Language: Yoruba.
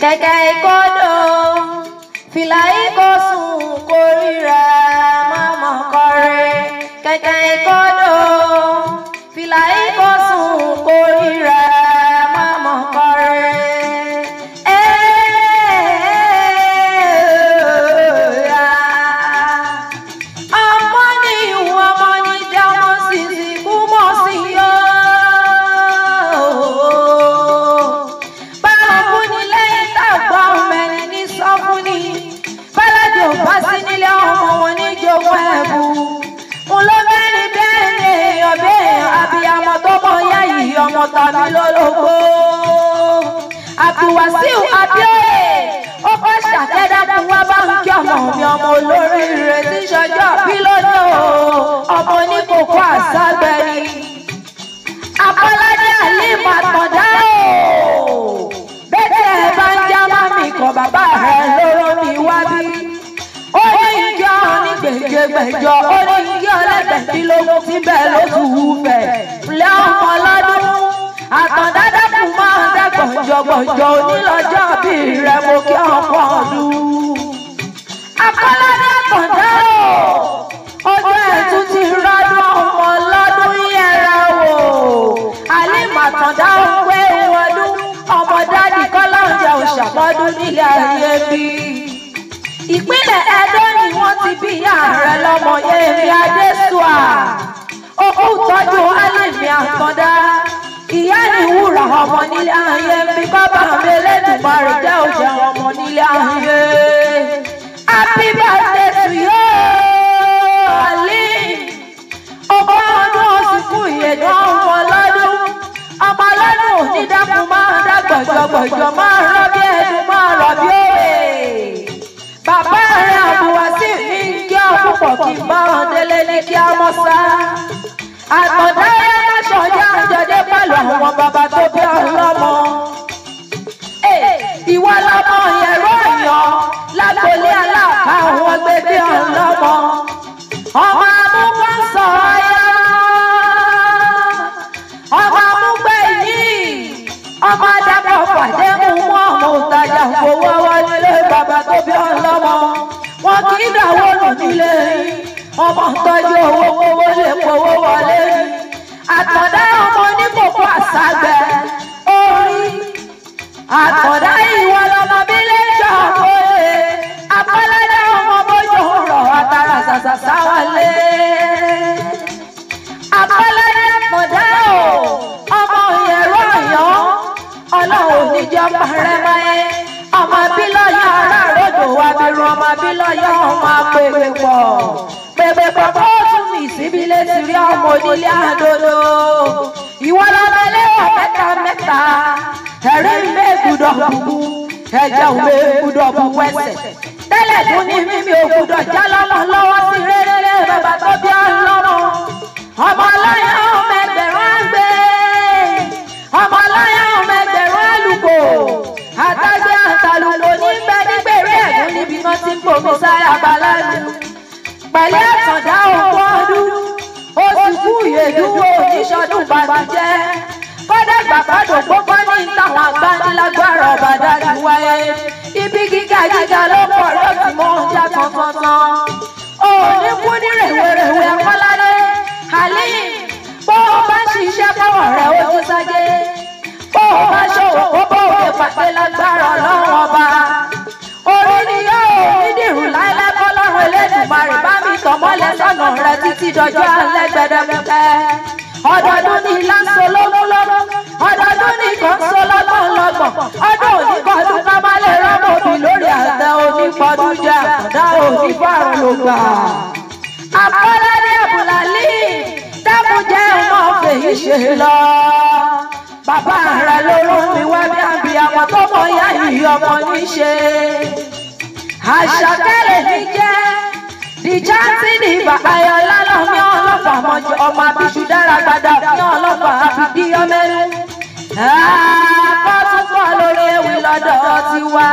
kẹ̀kẹ́ ìkọ́dọ̀ fìlà ìkọ̀sùn kórìíra mọ́mọ́ kọrin kẹ̀kẹ́ ìkọ́dọ̀. mi lólobó. Abdulwasiu Abioye ó fẹ́ ṣàkẹ́dàkùn wá bá ń kí ọmọ mi ọmọ olóríire tí ṣọjọ́ bí lónìí o. Ọmọ oníkókó àṣàgbẹ̀rì. Apọ́ládé Alim Àtàndá o. Bẹ́tẹ̀ ẹ bá ń já má mi kàn bàbá rẹ̀ lóró mi wá bí. Ó ní ìjọ onígbègbè ó gbọ̀njọ̀gbọ̀njọ̀ onílọ́jọ́ bí rẹ̀ mo kí ọ̀pọ̀ ọ̀dù. akọ́ládé kọ̀dá o ọjọ́ ẹ̀tún ti rọ́dún ọmọ lọ́dún yẹra o àlèmàtàndá ń pé wọdún ọmọ dádì kọ́lá ń jẹun ṣàmọ́dún nílé ayé bí. ìpínlẹ̀ Ẹdó ni wọ́n ti bí ààrẹ lọ́mọ Yẹmí Adésùà òkú tọ́jú alẹ́ mi àtàndá ìyá ni wúrà ọmọ nílé ayé mi bàbá mi lẹ́dùnmarè jẹ́ òjò ọmọ nílé ayé. happy birthday to you Ali ọgbọ́n ọdún òsìkú ìyẹ̀dọ́ ọmọ ọlọ́dún ọmọ ọlọ́dún òní dákun máa dàgbà jọgbọ̀jọ máa rọ́ bí ẹnu máa rọ̀ bí òwe. bàbá rẹ̀ àbúwá sí mi ń kí ọ púpọ̀ kí n bá ọ délé ní kí á mọ́ sá. àgbọ̀dá rẹ̀ kọjá jọjẹ́ pẹ̀lú àwọn bàbá tó bí ọ̀hún lọ́mọ. ìwọ lọmọ yẹn aláàbá àwọn ẹgbẹ́ bí ọ̀hún ọmọ amúgbó sọ ọyá ọmọ amúgbó yìí ọmọ adágbọ̀ pàdé mú mọ́ ọmọ òtajà fowó wọlé bàbá tó bí ọ̀hún lọ́mọ. kì í dàwọ́ lòdì ọmọ tọ́jú owó kówó lè wọlé yìí àtọ̀dá ọmọ oníkókó àságbẹ́ orí àtọ̀dá ìwọ lọmọ bí lẹ́jọ́ òye apọ́lẹ́dá ọmọ bójú rọ̀ àtàrà sàṣàṣà wọlé. apọ́lẹ́dá mọ̀dá o ọmọ ìyẹ̀rọ ọ̀yọ́ ọlọ́run níjọ́ parẹ́ máyé ọmọ bílọ̀yọ̀ ará ròdò wa bẹ̀rù ọmọ bílọ̀yọ̀ ọmọ apẹ̀pẹ̀ pọ̀ pẹ̀pẹ̀ pọ̀ níbi ilé ti rí ọmọ onílé àdodo ìwọ lọmọ ẹlẹ́wọ̀n mẹ́ta mẹ́ta ẹ̀rẹ́ ilé ìgùdọ̀ kúkú ẹ̀jẹ̀ òun ègùdọ̀ kúkú ẹsẹ̀ tẹ́lẹ̀ tún ní mímí ògùdọ̀ jálọ́ gbàgbé lágbára ọlọ́run ọba orí ni yóò nídìrú láéláé kọ́lọ́run elédùnmarè bá mi tọ̀mọ́lẹ̀ sọ́nà rẹ títí dọjọ́ alẹ́ gbẹdẹgbẹ ọdọọdún ní lásán lọ́lọ́lọ́rọ́ ọdọọdún ní kọ́ńsó lọ́gbọ̀nlọ́gbọ̀n ọdún onípọ̀dún ká má lè rọ́mọ òbí lórí àtẹ onípọ̀dún jẹ́ àkàndá onífàrọ̀ ló gbà. àbọ̀ládé àbùlálí dákun jẹ́ ọmọ fèyí ṣe lọ bàbá rẹ̀ lóró mi wá ní àbí àwọn tó mọ ìyá yìí ọmọ níṣe. àṣàkẹ́lẹ̀ mi jẹ́ dìjáàtì ní bàbá ayọ̀lá lọ́mí ọlọ́pàá mọ́jọ ọmọ abiṣu dára gbadà fún ọlọ́pàá àfìdíyọ́mẹ́rẹ́. àkọ́tún pọ̀ lórí ewì lọ́dọ̀ tiwa.